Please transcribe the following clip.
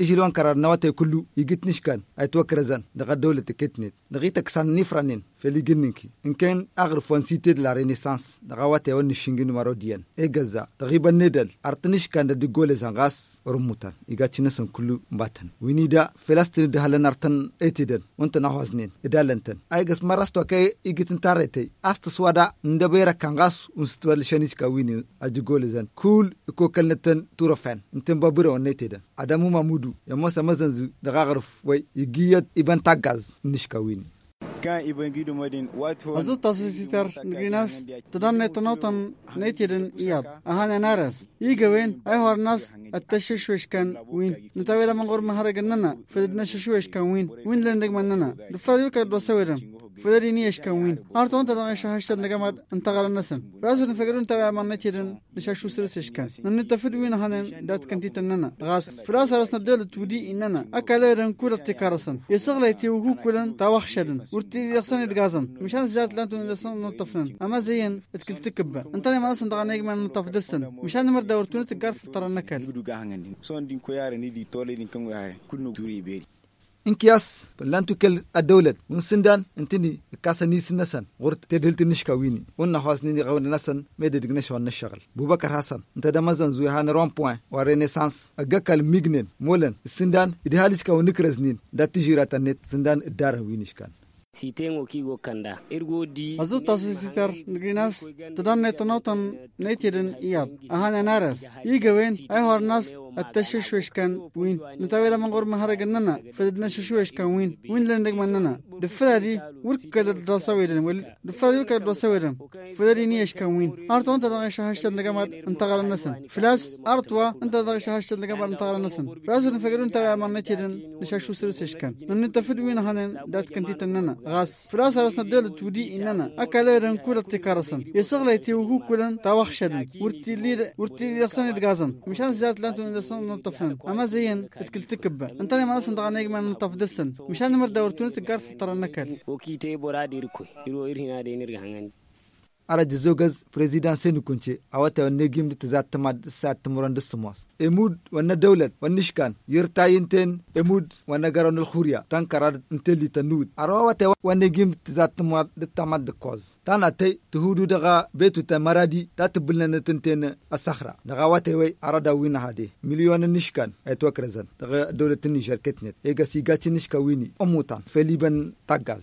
isilwan karar nawate kullu igit nishkan ay tuwa kirazan daga dole tiketnit daga itak san nifranin feliginninki inken agr fonsité de la renaissance dagawate wonni shingin maro diyen e gaza tagiba nedel artinish kanda di gole zangas ormutan iga chinasan kullu mbatan winida felastini dahalan artan etiden wontan ahosnin idalantan ay gas marasto kay igitin tarete astas wada ndabera kangas unstwal shanis ka wini aji gole zan kul ko kalnatan turofen intin babura wonneteden adamu mamudu yamosa mazanzu dagagrf way igiyat iban tagaz nishka wini azuutasusitar nigrinas todanneetonoton neitiden iyab ahan anaras igawen ay hornas attashishweshkan win nitawedamangormaharagannana fedidnashishweshkan win winlendegmannana dufadukadosawedam فدري نيش كوين أرتون تدعي شهشت نجمد انتقل النسم رأسو نفكرون تبع من نتيرن نشاشو سرسش كان نن تفد وين هنن دات كنتي تننا غاس فراس راس نبدل تودي إننا أكلا رن كورة تكارسن يسغل يتيوهو كلن توخشدن ورتي يخسن الغازن مشان زيادة لانتون لسن نطفنن أما زين اتكل تكبة انتني ما نسن دعا نجمع نطف دسن مشان نمر دورتون تقار فترنكال سون دين كويارن دي تولي دين كم كنو توري بيري انكياس بلان توكل الدولة من سندان انتني كاسا نيس نسان غورت تدلت نشكا ويني ونا خاص نيني نسان نسن دقنش وانا نشغل بوبكر حسن انت دا مزن زوي هان رون بوين ورينيسانس اغاكال ميغنن مولن السندان ادهاليس ونكرز نين دا تجيرات النت سندان الدار وينيش كان sitengo kigo kanda irgodi azu tasu sitar ngrinas tadan netanotan netiden iyad ahan enares igawen ay hornas attashashweshkan win nataweda mangor maharagan nana fadadna shashweshkan win win lendag manana dafadadi wurkada dasawedan wel dafadi wurkada dasawedan fadadi niyashkan win arto anta daga shahashtan dagamad antagalan nasan filas artwa anta daga shahashtan dagamad antagalan nasan filas wadin fagadun tawa amarnatidan nishashu sirisashkan nanni tafid win hanan dat kantitan nana غاس فلاس راسنا دول تودي إننا أكلا رن كورة تكارسن يسغلا يتيوهو كلن تاوخشدن ورتي لي ورتي يخسن يتغازن مشان زيادة لانتون دسن يعني نطفن اما زين تكل تكبه انت ما نسن دغ من نطف دسن مشان مر دورتون تقرف ترى نكل وكيتي بورا ديركو يرو يرهنا دينير هانغان arajizogaz prezidansen kunche awata wanne gimdi tizatimad isatimurand sumos emud wanna dawlad wannishkan yirtayinten emud wanna garonil khuriya tan karad inteli tanud arawata wanne gimdi tizatimad tamad koz tan atay tuhudu daga betu ta maradi tatibulnanatintene asakhra daga wate ara arada wina hade miliyon nishkan etwa krezan daga dawlatin niger ketnet ega sigachi nishka wini omutan feliban tagaz